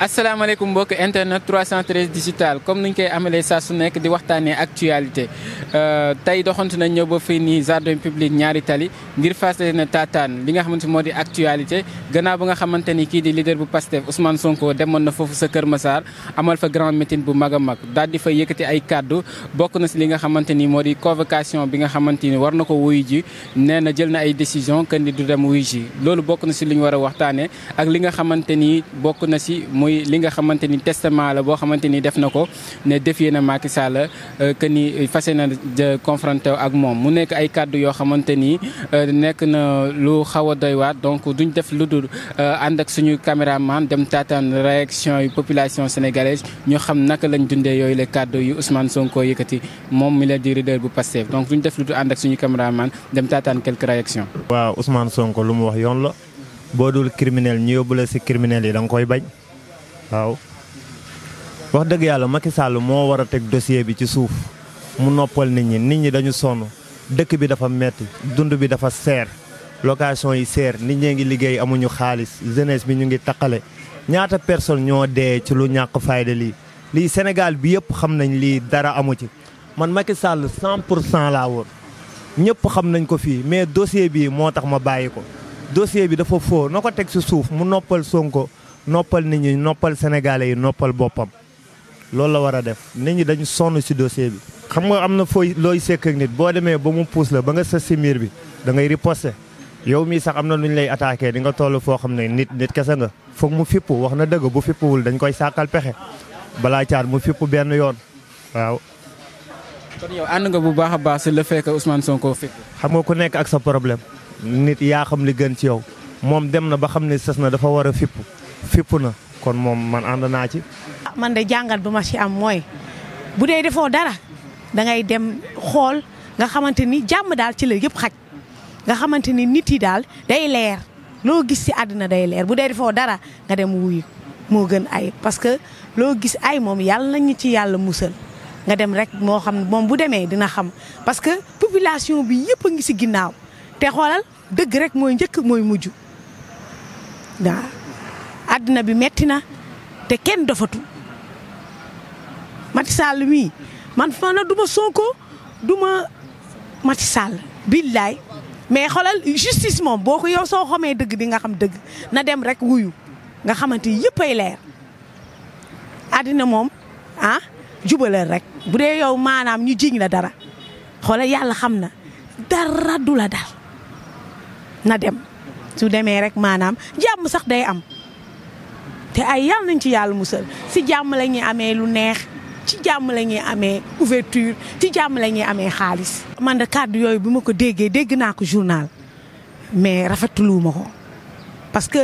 asalaamaaleykum mbokk internet 313 digital comme niñ koy amalee saa su nekk di waxtaanee actualité euh, tey doxante nañ ñëw ba fii nii jardin public ñaari tali ngir fas ne taataan li nga xamante moo di actualité gannaaw ba nga xamante ni kii di leader bu Pastef Ousmane Sonko demoon na foofu sa Kër Massar amal fa grand métin bu mag a mag daal di fa yëkkati ay kàddu bokk na si li nga xamante ni moo di convocation bi nga xamante ni war na ko wuyu ji nee na jël na ay décision que di du dem wuyu ji loolu bokk na si li ñu war a waxtaanee ak li nga xamante ni bokk na si muy li nga xamante ni testament la boo xamante ni def na ko ne défier na Macky Sall euh, que ni fas na confronter ak moom mu nekk ay kàddu yoo xamante ni euh, nekk na lu xaw a doy waat donc duñ def lu dul euh, ànd ak suñu caméraman dem taataan réaction yu population sénégalaise ñu xam naka lañ dundee yooyu la kàddu yu Ousmane Sonko yëkkati moom mi la di leader bu Pastef donc duñ def lu dul ànd ak suñu caméraman dem lu mu wax yoon la. boo dul criminel ñu yóbbu la ci criminel yi da koy bañ. waaw wax dëgg yàlla Macky Sall moo war a teg dossier bi ci suuf mu noppal nit ñi nit ñi dañu sonn dëkk bi dafa metti dund bi dafa seer location yi seer nit ñee ngi liggéey amuñu xaalis jeunesse bi ñu ngi taqale ñaata personne ñoo dee ci lu ñàkk fayda lii lii Sénégal bi yëpp xam nañ lii dara amu ci man Macky Sall 100 pour cent laa woon ñëpp xam nañ ko fii mais dossier bi moo tax ma bàyyi ko dossier bi dafa foo na ko teg si suuf mu noppal ko noppal nit ñi noppal sénégalais yi noppal boppam loolu la war a def nit ñi dañu sonn ci dossier bi. xam nga am na fooy looy sekk nit boo demee ba mu puus la ba nga sës ci miir bi dangay ngay riposter yow mii sax am na lu ñu lay attaqué di nga toll foo xam ne nit nit kese nga. foog mu fippu wax na dëgg bu fippuwul dañ koy sàkkal pexe balaa caar mu fippu benn yoon waaw. kon yow ànd nga bu baax a baax si le fait que Ousmane Sonko fipp xam nga ku nekk ak sa problème. nit yaa xam li gën ci yow. moom dem na ba xam ne sës na dafa war a fippu. fépp na kon moom man ànd naa ci. Ah, man de jàngat bu ma ci am mooy bu dee defoo dara da ngay dem xool nga xamante ni jàmm daal ci la yépp xaj nga xamante ni nit yi daal day leer loo gis si àddina day leer bu dee defoo dara nga dem wuyu moo gën ay parce que loo gis ay moom yàlla nañu ci yàlla musal nga dem rek moo xam moom bu demee dina xam parce que population bi yëpp a ngi si ginnaaw te xoolal dëgg rek mooy njëkk mooy mujj waaw. àddina bi metti na te kenn dofatu Macky mi man fana na du ma Sonko du ma Macky Sall mais xoolal justice moom boo ko yow soo xamee dëgg bi nga xam dëgg na dem rek wuyu nga xamante yëpp ay leer àddina moom ah jubalal rek bu dee yow maanaam ñu jiñ la dara xoolal yàlla xam na dara du la na dem su demee rek maanaam jàmm sax day am te ay yàlla nañ ci yàlla musal si jàmm la ñuy amee lu neex ci jàmm la ñuy amee ouverture ci jàmm la ñuy amee xaalis. man de kàddu yooyu bi ma ko déggee dégg naa ko journal mais rafetlu ko parce que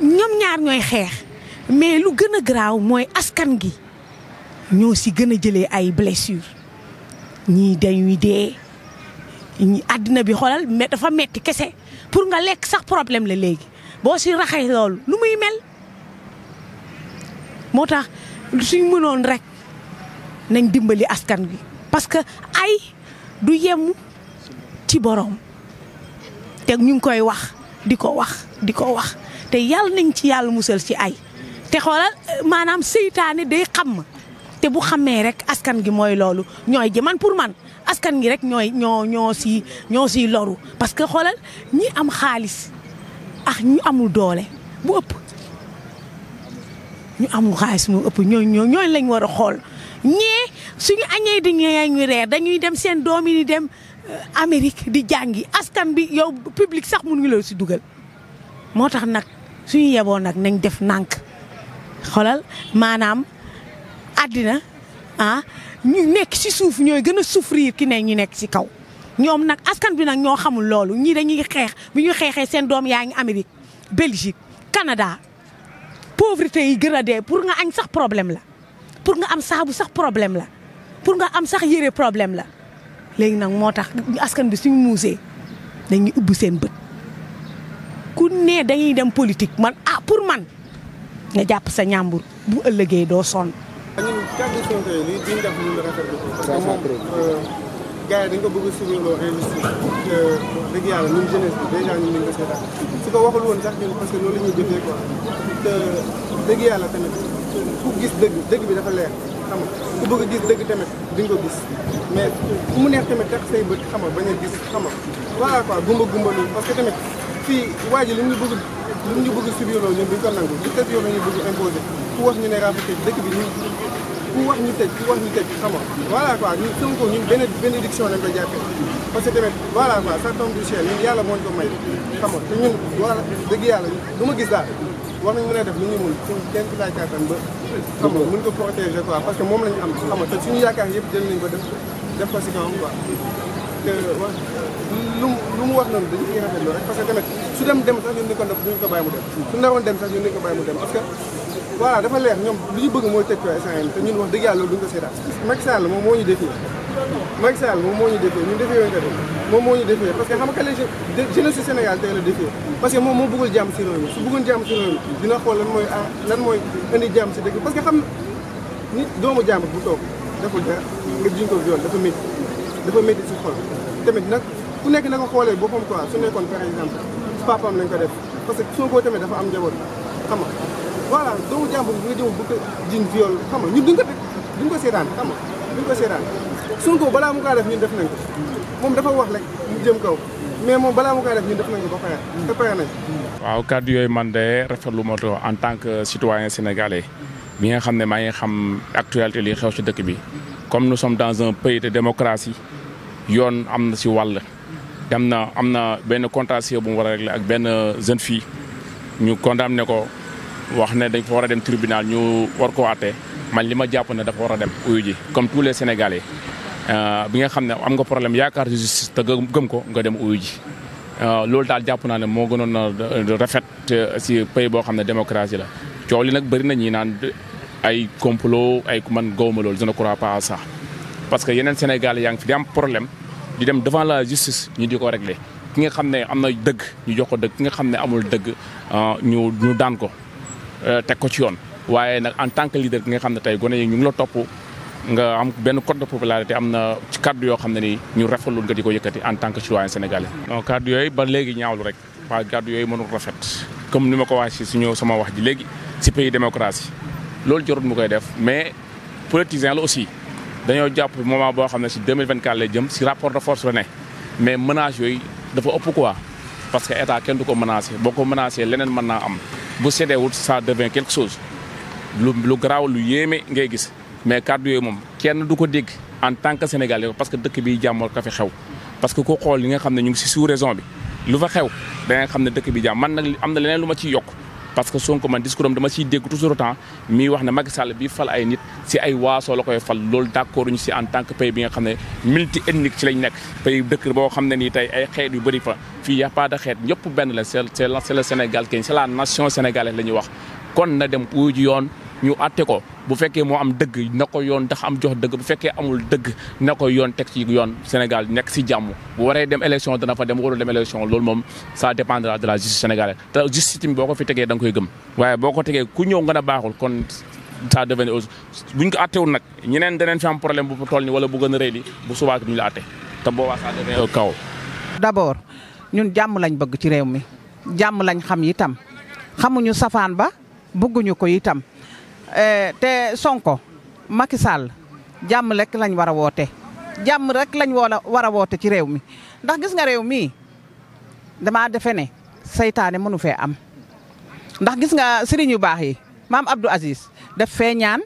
ñoom ñaar ñooy xeex mais lu gën a garaaw mooy askan gi ñoo si gën a jëlee ay blessures ñii dañuy dee. ñi àddina bi xoolal mais dafa metti kese pour nga lekk sax problème la léegi boo si raxee loolu lu muy mel. moo tax suñ mënoon rek nañ dimbali askan wi parce que ay du yem ci borom te ñu ngi koy wax di ko wax di ko wax te yàlla nañ ci yàlla musal ci ay te xoolal maanaam seytaane day xam te bu xamee rek askan gi mooy loolu ñooy ji pour man askan gi rek ñooy ñoo si ñoo siy loru parce que xoolal ñi am xaalis ak ñu amul doole bu ëpp. ñu amul xaalis moo ëpp ñoo ñoo ñoo lañ war a xool ñee suñu añee di ñu reer dañuy dem seen doom yi dem euh, Amérique di jàngi askan bi yow public sax mënuñu la si dugal moo tax nag suñu yeboon nag nañ def nànk xoolal maanaam àddina ah ñu nekk si suuf ñooy gën a souffrir ki ne ñu nekk si kaw ñoom nag askan bi nag ñoo xamul loolu ñii dañuy xeex bu ñuy xeexee seen doom yaa ngi Amérique Belgique kanada pauvreté yi gën a dee pour nga añ sax problème la pour nga am saabu sax problème la pour nga am sax yére problème la léegi nag moo tax askan bi suñu muusee dañuy ubbi seen bët ku ne dañuy dem politique man ah pour man nga jàpp sa ñàmbur bu ëllëgee doo sonn. gaa yi dañ ko bëgg a suivre réussir te wax dëgg yàlla ñun jeunesse bi dèjà ñun ñu ngi ko seetaan su ko waxul woon sax ñun dëgg yàlla tamit ku gis dëgg dëgg bi dafa leer xam nga ku bëgg a gis dëgg tamit di nga ko gis mais ku mu neex tamit tax say bët xam nga bañ a gis xam nga voilà quoi gumba gumba loolu parce que tamit fii waa ji li mu ñu bëgg li mu ñu ñu bëgg imposer ku wax ñu ne rafet dëkk bi ñu ku wax ñu tëj ku wax ñu tëj xam nga voilà quoi ñun Sonko ñun benn bénédiction lañ ko jàppee parce que tamit voilà quoi ça tombe du ciel ñun yàlla moo ko may xam nga te ñun voilà dëgg yàlla lu ma gis daal war nañ mën a def lu ñu mun suñ kenn ki laay kàttan ba xam nga mun ko protéger parce que moom lañu am xam te suñu yaakaar yëpp jël nañ ko def def ko si kawam lu mu lu mu wax noonu dañu que tamit su dem dem sax ñun dañu ko ko bàyyi mu dem. su naroon dem sax ñun dañu ko dafa leer ñoom li ñu bëgg mooy teg ko instant yii te ñun wax dëgg loolu duñ ko seetaan. Macky Sall moom moo ñu defee Macky Sall moom moo ñu defee ñun defee woon ko de moom moo ñu defee parce que xam nga les jeunes si Sénégal tey la defee parce moom moo bëggul jàmm si réew mi su bëggoon jàmm si réew mi dina xool lan mooy ah, lan mooy indi jàmm si dëkk parce que xam nit doomu jàmm bu toog deful dafa métti dafa métti si xol tamit nag ku nekk na ko xoolee boppam quoi su nekkoon par exemple ko def parce que Sonko tamit dafa am njaboot xam voilà doomu jàmbur nga jëm bu ko jiñ viol xam nga ñun duñ ko teg duñ ko seetaan xam ko balaa mu kaa def ñun def nañ ko moom dafa wax rek mu jëm kaw mais moom balaa mu kaa def ñun def nañ ko ba pare te pare nañ waaw kàddu yooyu man de rafetlu ma en tant que citoyen sénégalais bi nga xam ne maa ngi xam actualité li xew ci dëkk bi comme nous sommes dans un pays de démocratie yoon am na si wàll dem na am na benn contentieux bu mu war a rek régler ak benn jeune fille ñu ne ko wax ne dañ fa war a dem tribunal ñu war ko waatee man li ma jàpp ne dafa war a dem uyu ji comme tous les Sénégalais euh, bi nga xam ne am nga problème yaakaar justice te gëm ko nga dem uyu ji euh, loolu daal jàpp naa ne moo gënoon na rafet si pays boo xam ne démocratie la coow li nag bëri na ñi naan ay complot ay man gawma loolu je ne crois pas à ça parce que yeneen Sénégal yaa ngi fi di am problème di dem devant la justice ñu di ko régler ki nga xam ne am na dëgg ñu jox ko dëgg ki nga xam ne amul dëgg ah, ñu ñu daan ko eh, teg ko ci yoon waaye nag en tant que leader ki nga xam ne tey gone yi ñu ngi la topp nga am benn code de popularité am na ci kàddu yoo xam ne ni ñu rafetlu nga di ko yëkkati en tant que citoyen sénégalais. non kàddu yooyu ba léegi ñaawlu rek waaye kàddu yooyu comme ni ma ko waxee si suñu sama wax ji léegi. si pays démocratie loolu jarut mu koy def mais politisien la aussi dañoo jàpp moom moment boo xam ne si 2024 lay jëm si rapport de force la ne mais menaces yooyu dafa ëpp quoi parce que état kenn du ko menacé boo ko menacé leneen mën naa am bu sedeewut ça devient quelque chose lu lu garaaw lu yéeme ngay gis mais kàddu yooyu moom kenn du ko dégg en tant que sénégalais parce que dëkk bi jàmm ka fi xew parce que ku xool li nga xam ne ñu ngi si sous raison bi lu fa xew nga xam ne dëkk bi jàmm man nag am na leneen ma ciy yokk parce que Sonko man discours am dama ciy dégg toujours temps miy wax ne Macky Sall bi fal ay nit si ay waasoo la koy fal loolu d'accord ñu si en tant que pays bi nga xam ne multi ethnique ci lañ nekk pays dëkk boo xam ne nii tey ay xeet yu bëri fa fii y a pas xeet ñëpp benn la c'est c'est le Sénégal kenn c'est la nation sénégalaise la wax kon na dem uji yoon ñu atte ko bu fekkee moo am dëgg na ko yoon ndax am jox dëgg bu fekkee amul dëgg na ko yoon teg ci yoon Sénégal nekk si jàmm bu waree dem élection dana fa dem warul dem élection loolu moom ça dépendra de la justice sénégalaise te justice bi boo ko fi tegee da nga koy gëm waaye boo ko tegee ku ñëw nga a baaxul kon ça devenir aussi buñ ko àttewul nag ñeneen daneen fi am problème bu toll ni wala bu gën a rëy bu subaa duñu la àtte te boobaa ça devenir kaw d'abord ñun jàmm lañ bëgg ci réew mi jàmm lañ xam itam xamuñu safaan ba bëgguñu ko itam Eh, te Sonko Macky Sall jàmm rek lañ war a woote jàmm rek lañ woola war a woote ci réew mi ndax gis nga réew mii damaa defe ne saytaane mënu fee am ndax gis nga sëriñ yu baax yi maam Abdou Aziz def fee ñaan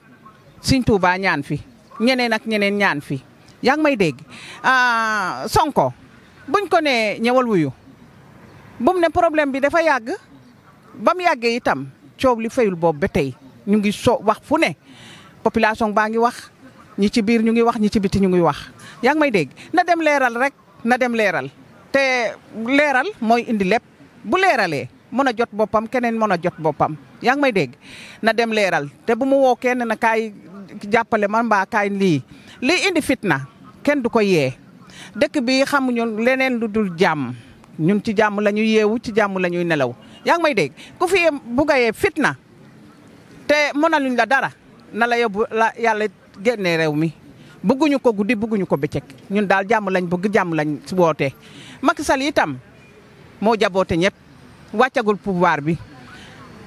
Sëriñ Tuubaa ñaan fi ñeneen ak ñeneen ñaan fi yaa ngi may dégg ah, Sonko buñ ko nee ñëwal wuyu bu ne problème bi dafa yàgg ba mu yàggee itam coow li fayul boobu ba tey ñu ngi so wax fu ne population baa ngi wax ñi ci biir ñu ngi wax ñi ci biti ñu ngi wax yaa ngi may dégg na dem leeral rek na dem leeral te leeral mooy indi lépp bu leeralee mën a jot boppam keneen mën a jot boppam yaa ngi may dégg na dem leeral te bu mu woo kenn na kaay jàppale man mbaa kaay lii lii indi fitna kenn du ko yee dëkk bi xamuñu leneen lu dul jàmm ñun ci jàmm la ñuy yeewu ci jàmm la ñuy nelaw yaa ngi may dégg ku fi bugayee fitna te mënaluñ la dara na la yóbbu la yàlla génnee réew mi bëgguñu ko guddi bëgguñu ko bëccëg ñun daal jàmm lañ bëgg jàmm lañ wootee. Macky Sall itam moo jaboote ñëpp wàccagul pouvoir bi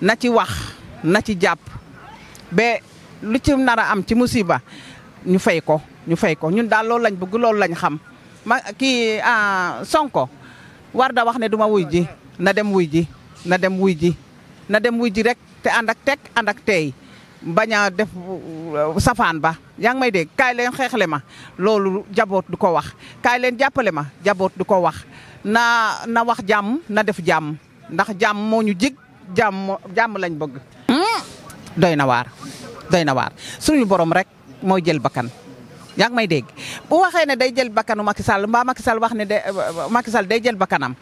na ci wax na ci jàpp ba lu ci nar a am ci musiba ñu fay ko ñu fay ko ñun daal loolu lañ bëgg loolu lañ xam ma kii ah, Sonko war da wax ne duma wuy ji na dem wuy ji na dem wuy ji. na dem wuy ji rek te ànd ak teg ànd ak teey bañ a def euh, safaan ba yaa ngi may dégg kaay leen xeexle ma loolu jaboot du ko wax kaay leen jàppale ma jaboot du ko wax na na wax jàmm na def jàmm ndax jàmm moo ñu jig jàmm jàmm lañ bëgg. Hmm? doy na waar doy na waar suñu borom rek mooy jël bakkan yaa ngi may dégg bu waxee ne day jël bakkanu Macky Sall mbaa Macky Sall wax ne day euh, Macky Sall day jël bakkanam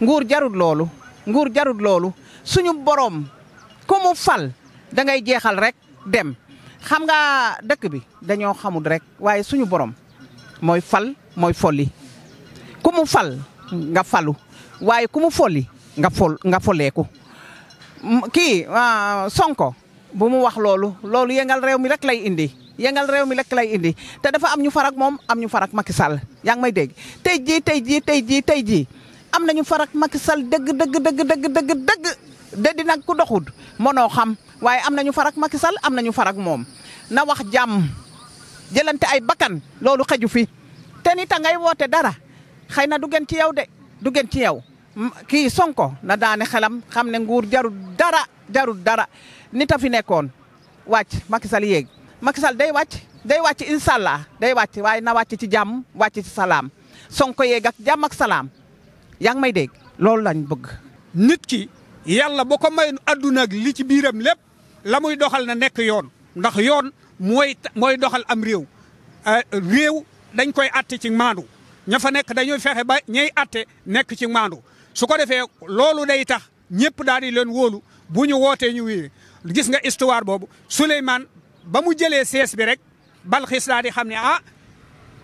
nguur jarut loolu nguur jarut loolu. suñu boroom ku mu fal da ngay jeexal rek dem xam nga dëkk bi dañoo xamul rek waaye suñu borom mooy fal mooy folli ku mu fal nga falu waaye ku mu folli nga fol nga folleeku kii ah, Sonko bu mu wax loolu loolu yëngal réew mi rek lay indi yëngal réew mi rek lay indi te dafa am ñu farak moom am ñu farak Macky Sall yaa ngi may dégg tey ji tey jii tey jii tey jii am nañu farak Macky Sall dëgg dëgg dëgg dëgg dëgg de nag ku doxut mënoo xam waaye am nañu farak Macky Sall am nañu farak moom na wax jàmm jëlante ay bakkan loolu xeju fi te ni ta ngay woote dara xëy na du gën ci yow de du gën ci yow kii Sonko na daane xelam xam ne nguur jarul dara jarul dara nit a fi nekkoon wàcc Macky Sall yéeg Macky Sall day wàcc day wàcc incha allah day wàcc waaye na wàcc ci jàmm wàcc ci salaam Sonko yeeg ak jàmm ak salaam yaa ngi may dégg loolu lañ bëgg nit ki. yàlla boo ko may adduna ak li ci biiram lépp la muy doxal na nekk yoon ndax yoon mooy mooy doxal am réew euh, réew dañ koy atte ci maandu ña fa nekk dañuy fexe ba ñay atte nekk ci maandu su ko defee loolu day tax ñëpp daal di leen woolu bu ñu wootee ñu wii gis nga histoire boobu Souleymane ba mu jëlee sees bi rek Balxiis daal di xam ne ah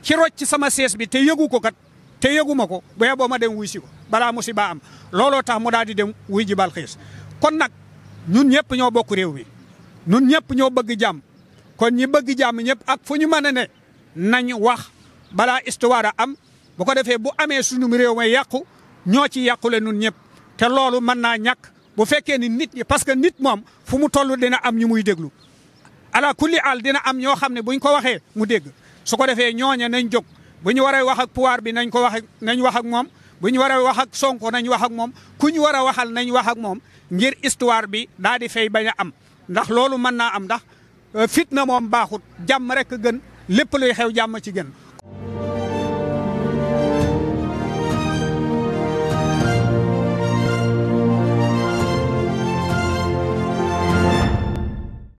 ki rocc sama sees bi te yëgu ko kat te yëguma ko bu boo ma dem wuy si ko balaa musiba am looloo tax mu daal di dem wuy ji Balxiis kon nag ñun ñëpp ñoo bokk réew mi ñun ñëpp ñoo bëgg jàmm kon ñi bëgg jàmm ñëpp ak fu ñu mën a ne nañ wax balaa histoire am bu ko defee bu amee sunu réew ma yàqu ñoo ci yàqule ñun ñëpp te loolu mën naa ñàkk bu fekkee ni nit ñi parce que nit moom fu mu toll dina am ñu muy déglu ala kulli al dina am ñoo xam ne bu ñu ko waxee mu dégg su ko defee ñooña nañ jóg bu ñu waree wax ak pouvoir bi nañ ko wax ak nañ wax ak moom bu ñu waree wax ak Sonko nañ wax ak moom ku ñu war a waxal nañ wax ak moom ngir histoire bi daal di fay bañ a am ndax loolu mën naa am ndax na moom baaxut jàmm rek gën lépp luy xew jàmm ci gën